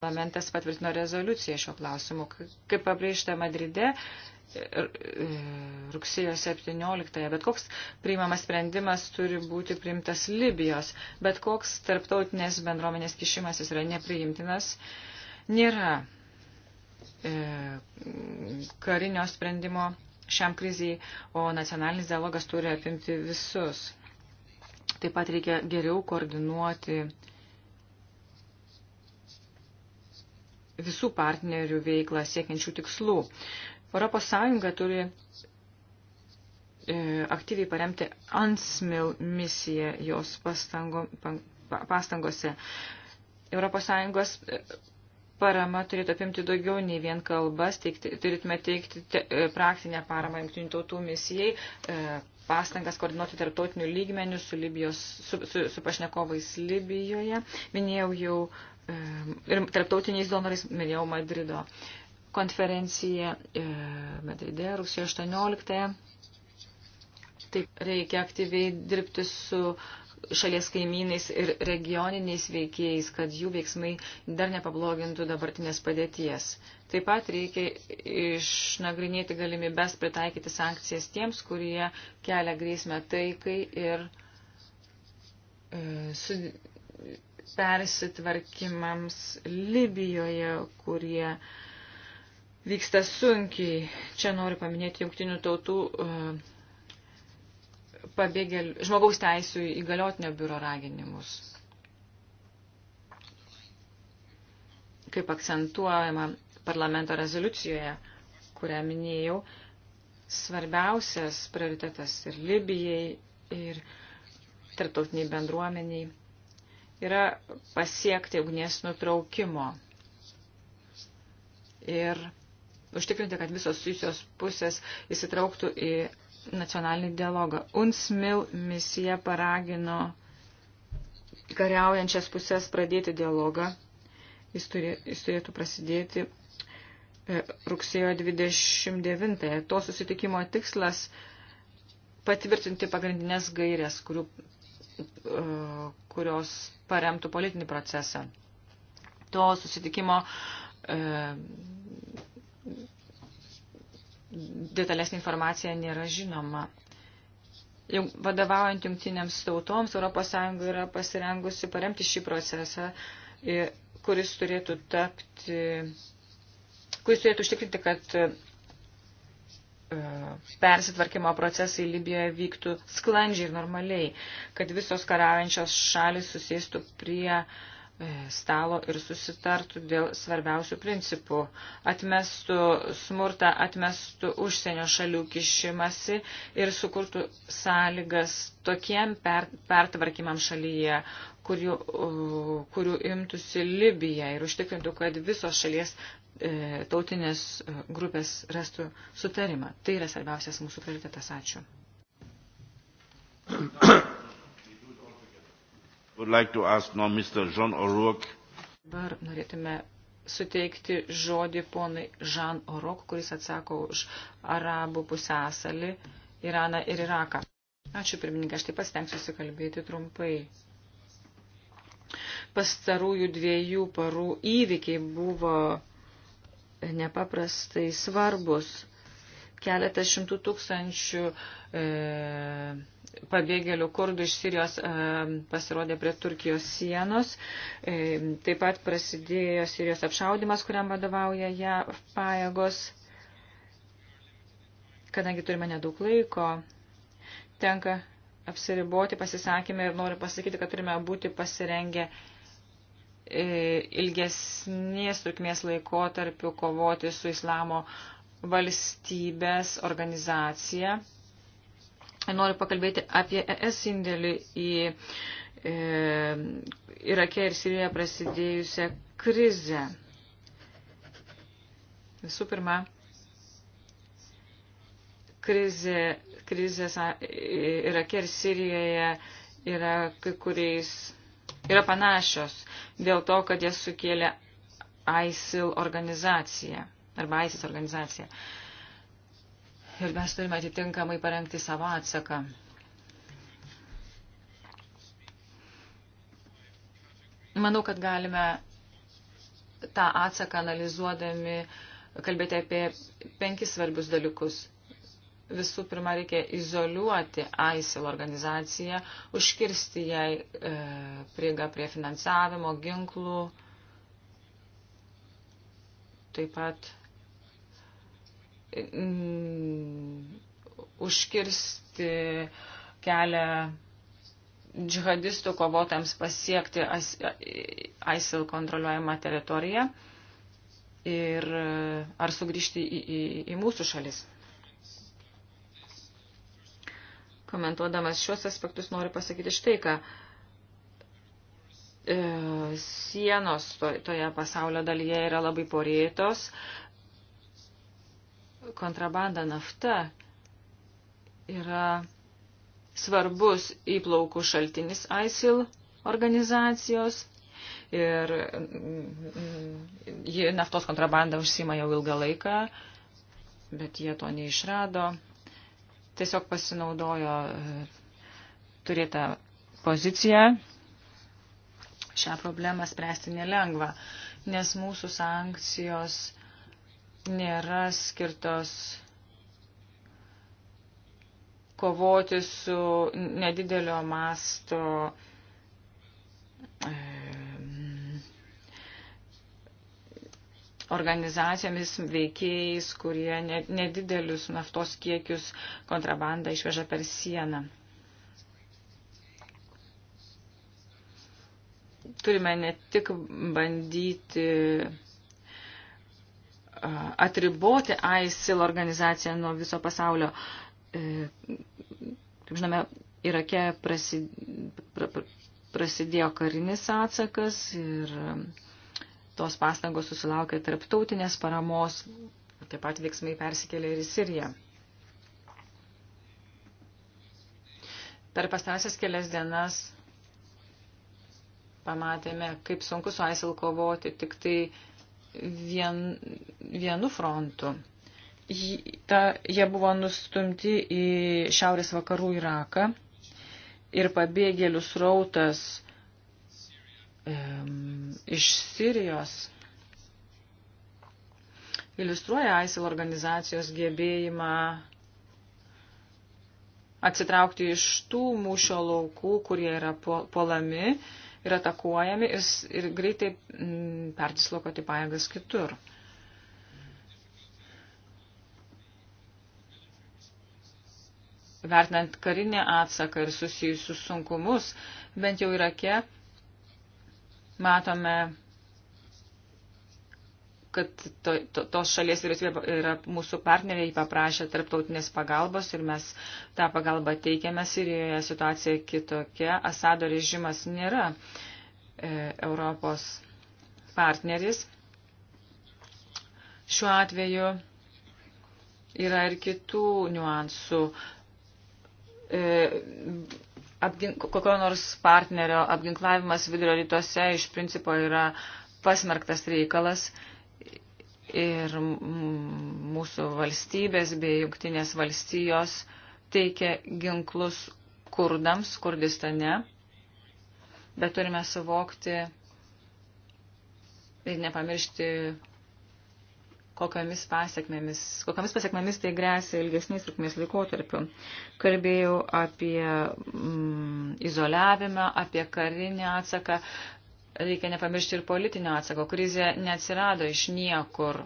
Parlamentas patvirtino rezoliuciją šio klausimu. Kaip pabrėžta Madride, e, rugsėjo 17-ąją, bet koks priimamas sprendimas turi būti priimtas Libijos, bet koks tarptautinės bendruomenės kišimasis yra nepriimtinas, nėra e, karinio sprendimo šiam krizijai, o nacionalinis dialogas turi apimti visus. Taip pat reikia geriau koordinuoti visų partnerių veiklą siekiančių tikslų. ES turi e, aktyviai paremti ANSMIL misiją jos pastango, pastangose. ES e, parama turėtų apimti daugiau nei vien kalbas, teikti, turėtume teikti te, e, praktinę paramą jungtinių tautų misijai, e, pastangas koordinuoti tarptautinių lygmenių su, Libijos, su, su, su pašnekovais Libijoje. Minėjau jau e, ir tarptautiniais donorais, minėjau Madrido konferenciją e, Madride rugsėjo 18. Taip reikia aktyviai dirbti su šalies kaimynais ir regioniniais veikėjais, kad jų veiksmai dar nepablogintų dabartinės padėties. Taip pat reikia išnagrinėti galimybės pritaikyti sankcijas tiems, kurie kelia grėsmę taikai ir e, su, persitvarkimams Libijoje, kurie vyksta sunkiai. Čia noriu paminėti jungtinių tautų. E, pabėgėl, žmogaus teisų įgaliotinio biuro raginimus. Kaip akcentuojama parlamento rezoliucijoje, kurią minėjau, svarbiausias prioritetas ir Libijai, ir tarptautiniai bendruomeniai yra pasiekti ugnies nutraukimo ir užtikrinti, kad visos susijusios pusės įsitrauktų į nacionalinį dialogą. UNSMIL misija paragino kariaujančias pusės pradėti dialogą. Jis, turė, jis turėtų prasidėti e, rugsėjo 29. To susitikimo tikslas patvirtinti pagrindinės gairės, kurių, e, kurios paremtų politinį procesą. To susitikimo e, detalesnė informacija nėra žinoma. Vadovaujant jungtinėms tautoms, ES yra pasirengusi paremti šį procesą, kuris turėtų tapti, kuris turėtų užtikrinti, kad e, persitvarkymo procesai Libijoje vyktų sklandžiai ir normaliai, kad visos karaujančios šalis susėstų prie uh, E, stalo ir susitartų dėl svarbiausių principų. Atmestų smurtą, atmestų užsienio šalių kišimasi ir sukurtų sąlygas tokiem per, pertvarkymam šalyje, kurių, kurių imtųsi Libija ir užtikrintų, kad visos šalies e, tautinės e, grupės rastų sutarimą. Tai yra svarbiausias mūsų prioritetas. Ačiū. would like to ask now Mr. John O'Rourke. Dabar norėtume suteikti žodį ponai Žan Orok, kuris atsako už arabų pusęsalį, Iraną ir Iraką. Ačiū, pirmininkai, aš taip pasitengsiu susikalbėti trumpai. Pastarųjų dviejų parų įvykiai buvo nepaprastai svarbus keletas šimtų tūkstančių e, pabėgėlių kurdų iš Sirijos e, pasirodė prie Turkijos sienos. E, taip pat prasidėjo Sirijos apšaudimas, kuriam vadovauja ją pajėgos. Kadangi turime nedaug laiko, tenka apsiriboti pasisakymę ir noriu pasakyti, kad turime būti pasirengę e, ilgesnės trukmės laikotarpiu kovoti su islamo valstybės organizacija. Noriu pakalbėti apie ES indėlį į e, Irake ir Sirijoje prasidėjusią krizę. Visų pirma, krizė, krizės Irake ir Sirijoje yra kai kuriais yra panašios dėl to, kad jas sukėlė ISIL organizacija arba ISIS organizacija. Ir mes turime atitinkamai parengti savo atsaką. Manau, kad galime tą atsaką analizuodami kalbėti apie penkis svarbius dalykus visų pirma reikia izoliuoti ISIL organizaciją, užkirsti jai e, prieigą prie finansavimo, ginklų, taip pat Mm, užkirsti kelią džihadistų kovotams pasiekti ISIL kontroliuojamą teritoriją ir e, ar sugrįžti į, į, į mūsų šalis. Komentuodamas šios aspektus noriu pasakyti štai, ką e, sienos toje pasaulio dalyje yra labai porėtos, kontrabanda nafta yra svarbus įplaukų šaltinis ISIL organizacijos ir mm, mm, ji naftos kontrabandą užsima jau ilgą laiką, bet jie to neišrado. Tiesiog pasinaudojo e, turėtą poziciją. Šią problemą spręsti nelengva, nes mūsų sankcijos nėra skirtos kovoti su nedidelio masto organizacijomis, veikėjais, kurie nedidelius naftos kiekius kontrabandą išveža per sieną. Turime ne tik bandyti atriboti ISIL organizaciją nuo viso pasaulio. E, kaip žinome, Irake prasidėjo karinis atsakas ir tos pastangos susilaukė tarptautinės paramos, taip pat veiksmai persikėlė ir į Siriją. Per pastarąsias kelias dienas pamatėme, kaip sunku su ISIL kovoti tik tai vien, vienu frontu. Ta, jie buvo nustumti į šiaurės vakarų Iraką ir pabėgėlių srautas e, iš Sirijos iliustruoja ISIL organizacijos gebėjimą atsitraukti iš tų mūšio laukų, kurie yra puolami ir atakuojami ir, ir greitai perdislokoti pajėgas kitur. vertinant karinį atsaką ir susijusius sunkumus, bent jau Irake matome, kad to, to, tos šalies vyriausybė yra mūsų partneriai paprašę tarptautinės pagalbos ir mes tą pagalbą teikiame. Sirijoje situacija kitokia. Asado režimas nėra e, Europos partneris. Šiuo atveju yra ir kitų niuansų. E, E, apgin, kokio nors partnerio apginklavimas vidurio rytuose iš principo yra pasmerktas reikalas ir mūsų valstybės bei jungtinės valstijos teikia ginklus kurdams Kurdistane, bet turime suvokti ir nepamiršti kokiamis pasiekmėmis, kokiamis pasiekmėmis tai grėsia ilgesnės trukmės laikotarpiu. Kalbėjau apie mm, izoliavimą, apie karinį atsaką. Reikia nepamiršti ir politinio atsako. Krizė neatsirado iš niekur.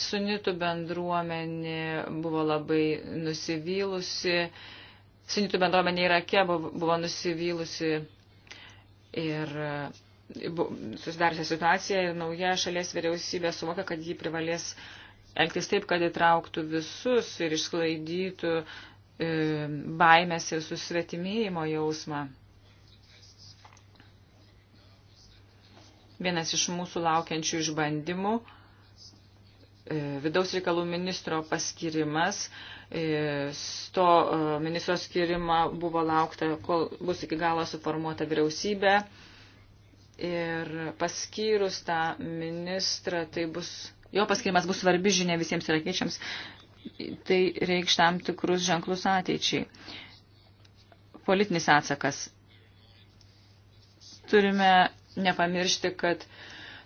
Sunitų bendruomenė buvo labai nusivylusi. Sunitų bendruomenė Irake buvo, buvo nusivylusi ir susidariusią situaciją ir nauja šalies vyriausybė suvokia, kad ji privalės elgtis taip, kad įtrauktų visus ir išsklaidytų e, baimės ir susvetimėjimo jausmą. Vienas iš mūsų laukiančių išbandymų e, vidaus reikalų ministro paskirimas. E, to e, ministro skirima buvo laukta, kol bus iki galo suformuota vyriausybė. E, ir paskyrus tą ministrą, tai bus, jo paskirimas bus svarbi žinia visiems irakiečiams, tai reikš tam tikrus ženklus ateičiai. Politinis atsakas. Turime nepamiršti, kad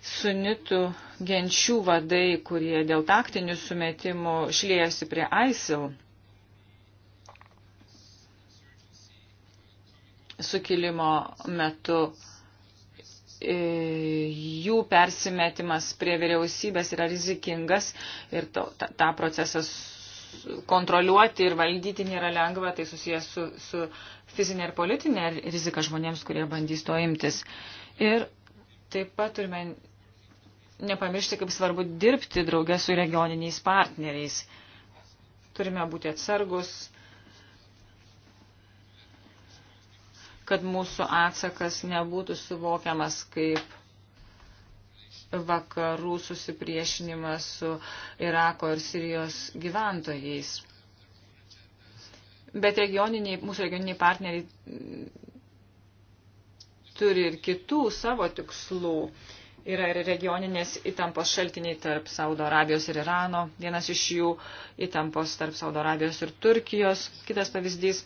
sunitų genčių vadai, kurie dėl taktinių sumetimų šliejasi prie ISIL, sukilimo metu E, jų persimetimas prie vyriausybės yra rizikingas ir to, ta, tą procesą kontroliuoti ir valdyti nėra lengva, tai susijęs su, su fizinė ir politinė rizika žmonėms, kurie bandys to imtis. Ir taip pat turime nepamiršti, kaip svarbu dirbti draugę su regioniniais partneriais. Turime būti atsargus, kad mūsų atsakas nebūtų suvokiamas kaip vakarų susipriešinimas su Irako ir Sirijos gyventojais. Bet regioniniai, mūsų regioniniai partneriai turi ir kitų savo tikslų. Yra ir regioninės įtampos šaltiniai tarp Saudo Arabijos ir Irano. Vienas iš jų įtampos tarp Saudo Arabijos ir Turkijos. Kitas pavyzdys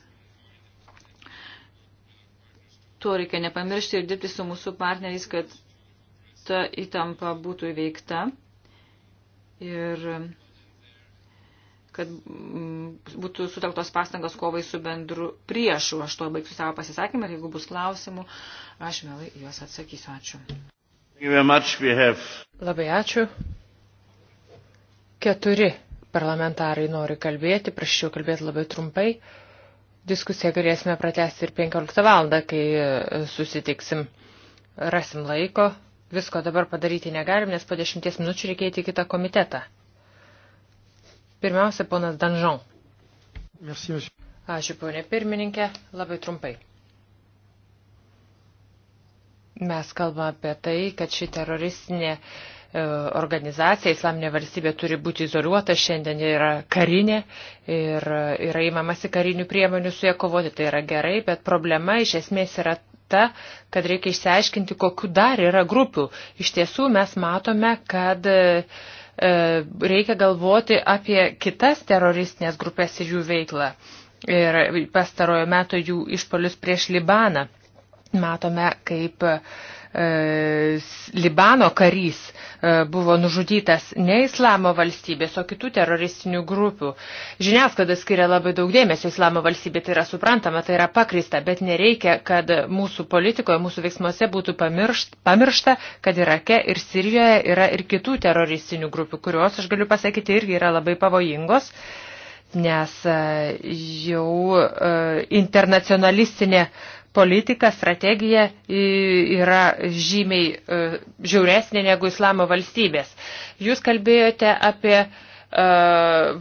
to reikia nepamiršti ir dirbti su mūsų partneriais, kad ta įtampa būtų įveikta ir mm, kad mm, būtų sutelktos pastangos kovai su bendru priešu. Aš to baigsiu savo pasisakymą ir jeigu bus klausimų, aš vėlai juos atsakysiu. Ačiū. Labai ačiū. Keturi parlamentarai nori kalbėti, prašyčiau kalbėti labai trumpai. Diskusiją galėsime pratesti ir 15 valandą, kai e, susitiksim. Rasim laiko. Visko dabar padaryti negalim, nes po 10 minučių reikėti kitą komitetą. Pirmiausia, ponas Danžon. Merci, monsieur. Ačiū, ponė pirmininkė. Labai trumpai. Mes kalbame apie tai, kad ši teroristinė uh, E, organizacija, islaminė valstybė turi būti izoliuota, šiandien yra karinė ir yra įmamasi karinių priemonių su ją kovoti, tai yra gerai, bet problema iš esmės yra ta, kad reikia išsiaiškinti, kokiu dar yra grupių. Iš tiesų mes matome, kad e, e, reikia galvoti apie kitas teroristinės grupės ir jų veiklą. Ir pastarojo meto jų išpolius prieš Libaną. Matome, kaip uh, E, Libano karys e, buvo nužudytas ne islamo valstybės, o kitų teroristinių grupių. Žiniasklaida skiria labai daug dėmesio islamo valstybė, tai yra suprantama, tai yra pakrista, bet nereikia, kad mūsų politikoje, mūsų veiksmuose būtų pamiršta, pamiršta kad Irake ir Sirijoje yra ir kitų teroristinių grupių, kurios, aš galiu pasakyti, irgi yra labai pavojingos nes e, jau internacionalistinė uh, politika, strategija yra žymiai e, žiauresnė negu islamo valstybės. Jūs kalbėjote apie e,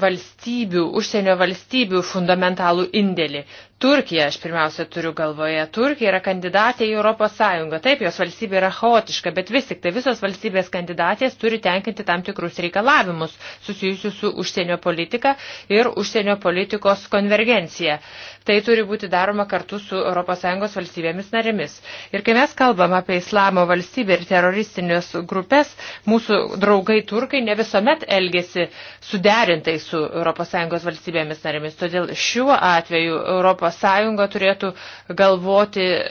valstybių, užsienio valstybių fundamentalų indėlį. Turkija, aš pirmiausia turiu galvoje, Turkija yra kandidatė į Europos Sąjungą. Taip, jos valstybė yra chaotiška, bet vis tik tai visos valstybės kandidatės turi tenkinti tam tikrus reikalavimus susijusius su užsienio politika ir užsienio politikos konvergencija. Tai turi būti daroma kartu su Europos Sąjungos valstybėmis narėmis. Ir kai mes kalbam apie islamo valstybę ir teroristinės grupės, mūsų draugai turkai ne visuomet elgesi suderintai su Europos Sąjungos valstybėmis narėmis. Todėl šiuo atveju Europos ES turėtų galvoti e,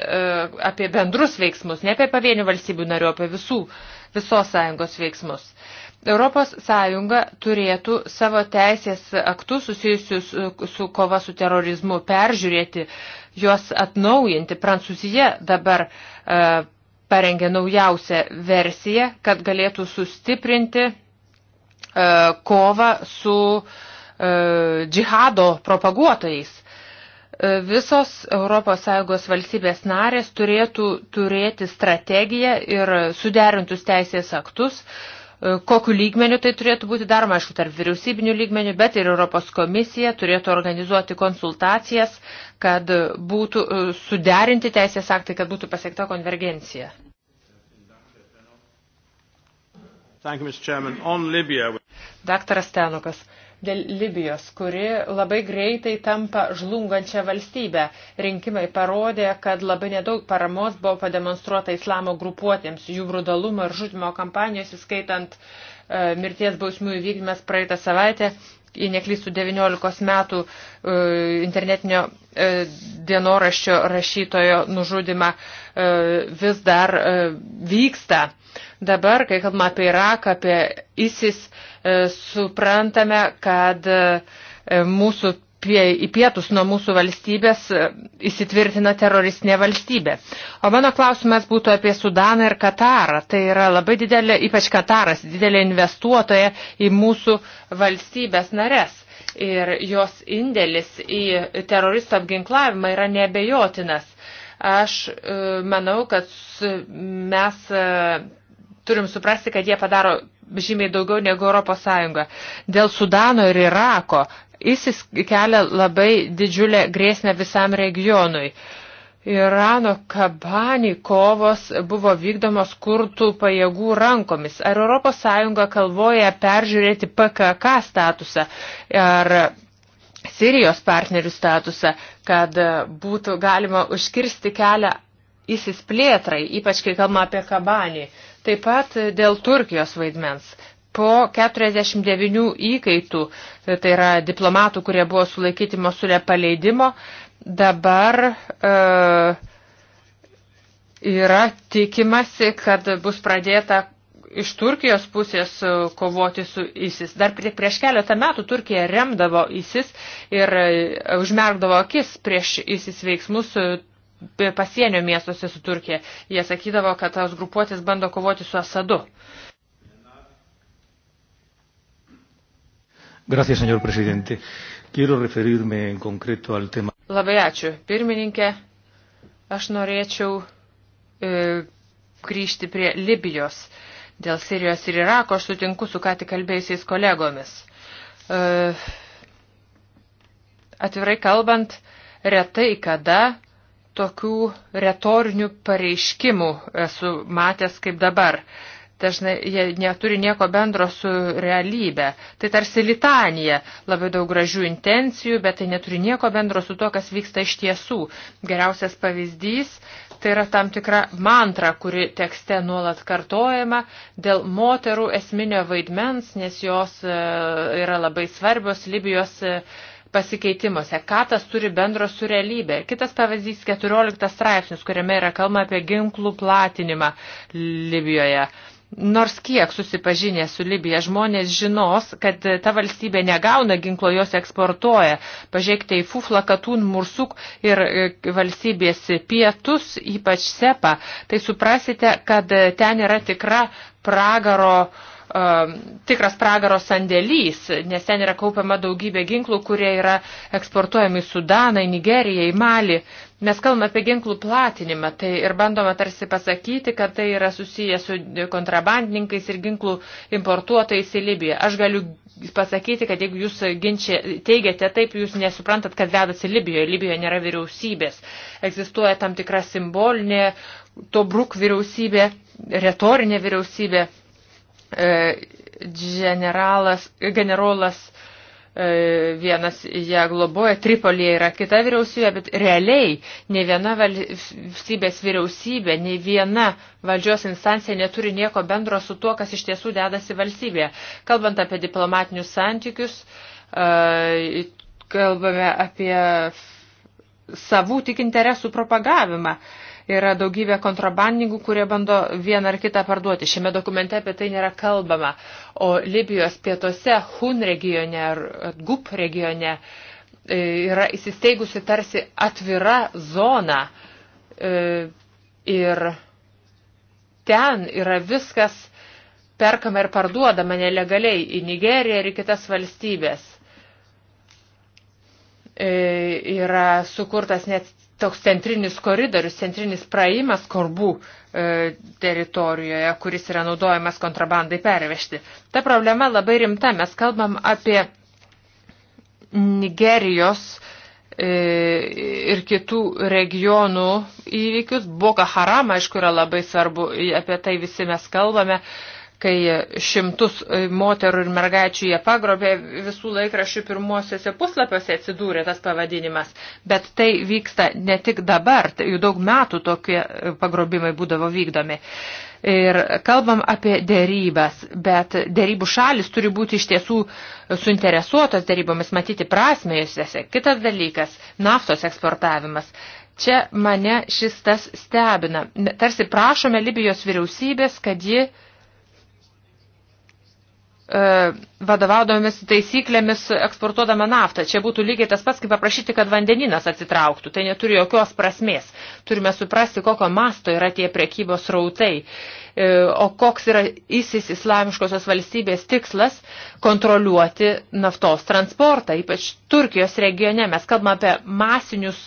apie bendrus veiksmus, ne apie pavienių valstybių narių, apie visų, visos sąjungos veiksmus. ES turėtų savo teisės aktus susijusius su, e, su kova su terorizmu peržiūrėti, juos atnaujinti. Prancūzija dabar e, parengė naujausią versiją, kad galėtų sustiprinti e, kovą su e, džihado propaguotojais. E, visos ES valstybės narės turėtų turėti strategiją ir suderintus teisės aktus, e, kokiu lygmeniu tai turėtų būti daroma, aišku, tarp vyriausybinių lygmenių, bet ir Europos komisija turėtų organizuoti konsultacijas, kad būtų e, suderinti teisės aktai, kad būtų pasiekta konvergencija. Daktaras Tenukas dėl Libijos, kuri labai greitai tampa žlungančią valstybę. Rinkimai parodė, kad labai nedaug paramos buvo pademonstruota islamo grupuotėms, jų brudalumo ir žudimo kampanijos, įskaitant e, mirties bausmių įvykdymas praeitą savaitę, jei neklystų, 19 metų e, internetinio e, dienoraščio rašytojo nužudimą e, vis dar vyksta. Dabar, kai kalbame apie Iraką, apie ISIS, suprantame, kad mūsų į pietus nuo mūsų valstybės e, įsitvirtina teroristinė valstybė. O mano klausimas būtų apie Sudaną ir Katarą. Tai yra labai didelė, ypač Kataras, didelė investuotoja į mūsų valstybės nares. Ir jos indėlis į teroristų apginklavimą yra nebejotinas. Aš e, manau, kad mes e, turim suprasti, kad jie padaro žymiai daugiau negu Europos Sąjunga. Dėl Sudano ir Irako ISIS kelia labai didžiulę grėsmę visam regionui. Irano kabani kovos buvo vykdomos kurtų pajėgų rankomis. Ar ES kalvoja peržiūrėti PKK statusą ar Sirijos partnerių statusą, kad būtų galima užkirsti kelią įsisplėtrai, ypač kai kalbama apie kabanį. Taip pat dėl Turkijos vaidmens po 49 įkaitų, tai yra diplomatų, kurie buvo sulaikyti Mosulė paleidimo, dabar e, yra tikimasi, kad bus pradėta iš Turkijos pusės e, kovoti su ISIS. Dar prie, prieš keletą metų Turkija remdavo ISIS ir e, užmerkdavo akis prieš ISIS veiksmus e, pasienio miestuose su Turkija. Jie sakydavo, kad tos grupuotės bando kovoti su Asadu. E, Gracias, señor presidente. Quiero referirme en concreto al tema. Labai ačiū, pirmininkė. Aš norėčiau e, grįžti prie Libijos. Dėl Sirijos ir Irako aš sutinku su ką tik kalbėjusiais kolegomis. E, atvirai kalbant, retai kada tokių retorinių pareiškimų esu matęs kaip dabar. E, dažnai jie neturi nieko bendro su realybė. Tai tarsi litanija, labai daug gražių intencijų, bet tai neturi nieko bendro su to, kas vyksta iš tiesų. Geriausias pavyzdys tai yra tam tikra mantra, kuri tekste nuolat kartojama dėl moterų esminio vaidmens, nes jos e, yra labai svarbios Libijos e, pasikeitimuose, ką tas turi bendro su realybė. Kitas pavyzdys 14 straipsnis, kuriame yra kalba apie ginklų platinimą Libijoje nors kiek susipažinę su Libija žmonės žinos, kad ta valstybė negauna ginklo, jos eksportuoja. Pažiūrėkite į Fufla, Katun, Mursuk ir e, valstybės pietus, ypač Sepa. Tai suprasite, kad ten yra tikra pragaro uh, Um, tikras pragaro sandėlys, nes ten yra kaupiama daugybė ginklų, kurie yra eksportuojami į Sudaną, į Nigeriją, į Malį. Mes kalbame apie ginklų platinimą tai ir bandome tarsi pasakyti, kad tai yra susiję su kontrabandininkais ir ginklų importuotojais į Libiją. Aš galiu pasakyti, kad jeigu jūs ginčia, teigiate taip, jūs nesuprantat, kad vedasi Libijoje. Libijoje nėra vyriausybės. Egzistuoja tam tikra simbolinė to bruk vyriausybė, retorinė vyriausybė E, generalas, generolas e, vienas ją globoja, Tripolėje yra kita vyriausybė, bet realiai ne viena valstybės vyriausybė, ne viena valdžios instancija neturi nieko bendro su tuo, kas iš tiesų dedasi valstybėje. Kalbant apie diplomatinius santykius, e, kalbame apie savų tik interesų propagavimą. Yra daugybė kontrabandininkų, kurie bando vieną ar kitą parduoti. Šiame dokumente apie tai nėra kalbama. O Libijos pietuose, Hun regione ar Gup regione e, yra įsisteigusi tarsi atvira zona. E, ir ten yra viskas perkama ir parduodama nelegaliai į Nigeriją ir į kitas valstybės. E, yra sukurtas net toks centrinis koridorius, centrinis praėjimas korbų e, teritorijoje, kuris yra naudojamas kontrabandai pervežti. Ta problema labai rimta. Mes kalbam apie Nigerijos e, ir kitų regionų įvykius. Boka Haram, aišku, yra labai svarbu, apie tai visi mes kalbame. E, kai šimtus moterų ir mergaičių jie pagrobė visų laikraščių pirmuosiuose puslapiuose atsidūrė tas pavadinimas. Bet tai vyksta ne tik dabar, tai jau daug metų tokie pagrobimai būdavo vykdomi. Ir kalbam apie dėrybas, bet dėrybų šalis turi būti iš tiesų suinteresuotas dėrybomis, matyti prasmę jose. Kitas dalykas – naftos eksportavimas. Čia mane šis tas stebina. Tarsi prašome Libijos vyriausybės, kad ji uh, E, vadovaudomis taisyklėmis eksportuodama naftą. Čia būtų lygiai tas pats, kaip paprašyti, kad vandeninas atsitrauktų. Tai neturi jokios prasmės. Turime suprasti, kokio masto yra tie prekybos rautai. E, o koks yra įsis islamiškosios valstybės tikslas kontroliuoti naftos transportą, ypač Turkijos regione. Mes kalbame apie masinius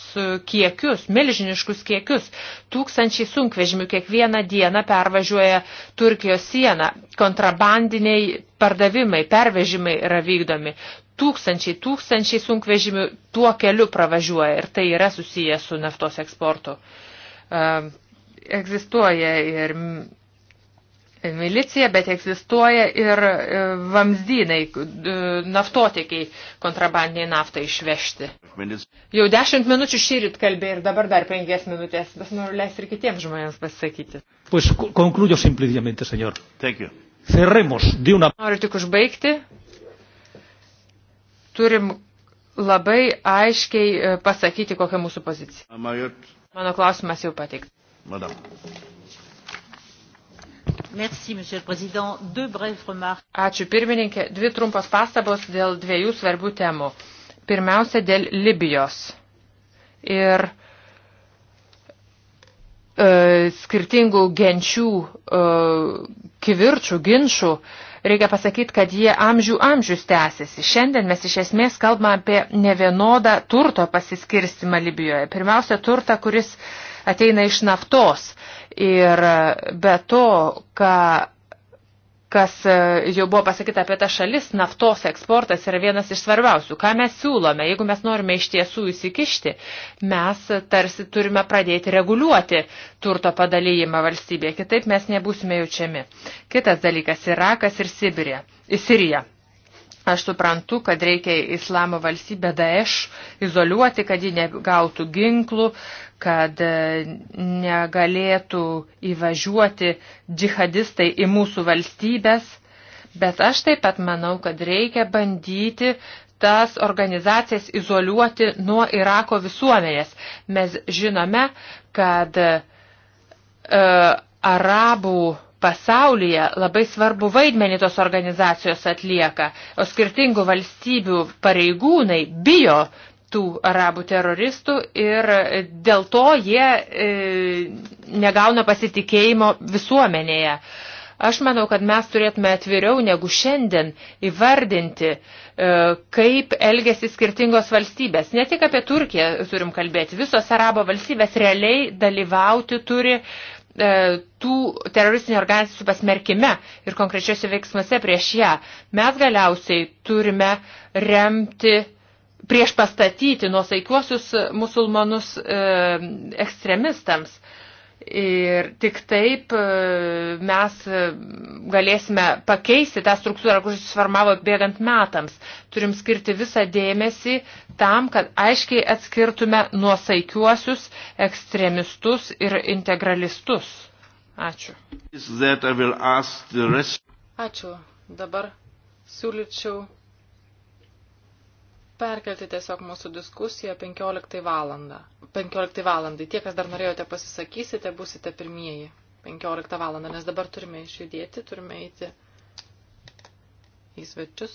kiekius, milžiniškus kiekius. Tūkstančiai sunkvežimių kiekvieną dieną pervažiuoja Turkijos sieną. Kontrabandiniai pardavimai, pervežimai yra vykdomi. Tūkstančiai, tūkstančiai sunkvežimių tuo keliu pravažiuoja ir tai yra susiję su naftos eksportu. Um, egzistuoja ir milicija, bet egzistuoja ir e, vamzdynai, e, naftotiekiai kontrabandiniai naftą išvežti. Jau dešimt minučių šįryt kalbė ir dabar dar penkias minutės, bet noriu leisti ir kitiems žmonėms pasakyti. Pues concluyo simplemente, señor. Thank you cerremos de una. Noriu tik užbaigti. Turim labai aiškiai e, pasakyti, kokia mūsų pozicija. Mano klausimas jau pateiktas. Madame. Merci, Monsieur le Président. Deux brèves remarques. Ačiū pirmininkė. Dvi trumpos pastabos dėl dviejų svarbių temų. Pirmiausia, dėl Libijos ir e, skirtingų genčių e, kivirčių, ginčių, reikia pasakyti, kad jie amžių amžius tęsiasi. Šiandien mes iš esmės kalbame apie nevienodą turto pasiskirstimą Libijoje. Pirmiausia, turtą, kuris ateina iš naftos. Ir be to, ką kas e, jau buvo pasakyta apie tą šalis, naftos eksportas yra vienas iš svarbiausių. Ką mes siūlome, jeigu mes norime iš tiesų įsikišti, mes tarsi turime pradėti reguliuoti turto padalyjimą valstybėje, kitaip mes nebūsime jaučiami. Kitas dalykas – Irakas ir Sibirė, Sirija. Aš suprantu, kad reikia islamo valstybę Daesh izoliuoti, kad ji negautų ginklų, kad e, negalėtų įvažiuoti džihadistai į mūsų valstybės, bet aš taip pat manau, kad reikia bandyti tas organizacijas izoliuoti nuo Irako visuomenės. Mes žinome, kad e, arabų pasaulyje labai svarbu vaidmenį tos organizacijos atlieka, o skirtingų valstybių pareigūnai bijo tų arabų teroristų ir dėl to jie e, negauna pasitikėjimo visuomenėje. Aš manau, kad mes turėtume atviriau negu šiandien įvardinti, e, kaip elgesi skirtingos valstybės. Ne tik apie Turkiją turim kalbėti, visos arabo valstybės realiai dalyvauti turi e, E, tų teroristinių organizacijų pasmerkime ir konkrečiuose veiksmuose prieš ją. Mes galiausiai turime remti prieš pastatyti nuosaikiuosius musulmonus e, ekstremistams. E, Ir tik taip e, mes e, galėsime pakeisti tą struktūrą, kuris susiformavo bėgant metams. Turim skirti visą dėmesį tam, kad aiškiai atskirtume nuosaikiuosius ekstremistus ir integralistus. Ačiū. Ačiū. Dabar siūlyčiau perkelti tiesiog mūsų diskusiją 15 valandą. 15 valandai. Tie, kas dar norėjote pasisakysite, busite pirmieji 15 valandą, nes dabar turime išjudėti, turime eiti į svečius,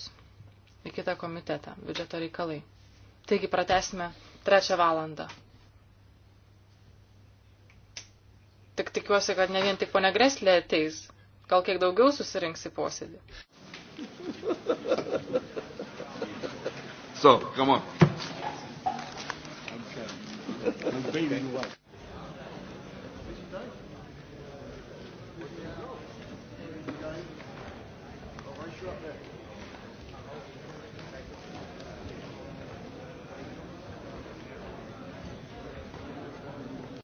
į kitą komitetą, biudžeto reikalai. Taigi pratesime trečią valandą. Tik tikiuosi, kad ne vien tik ponia Greslė ateis, gal kiek daugiau susirinks į posėdį. So, come on. I'm bailing you out. Thank you.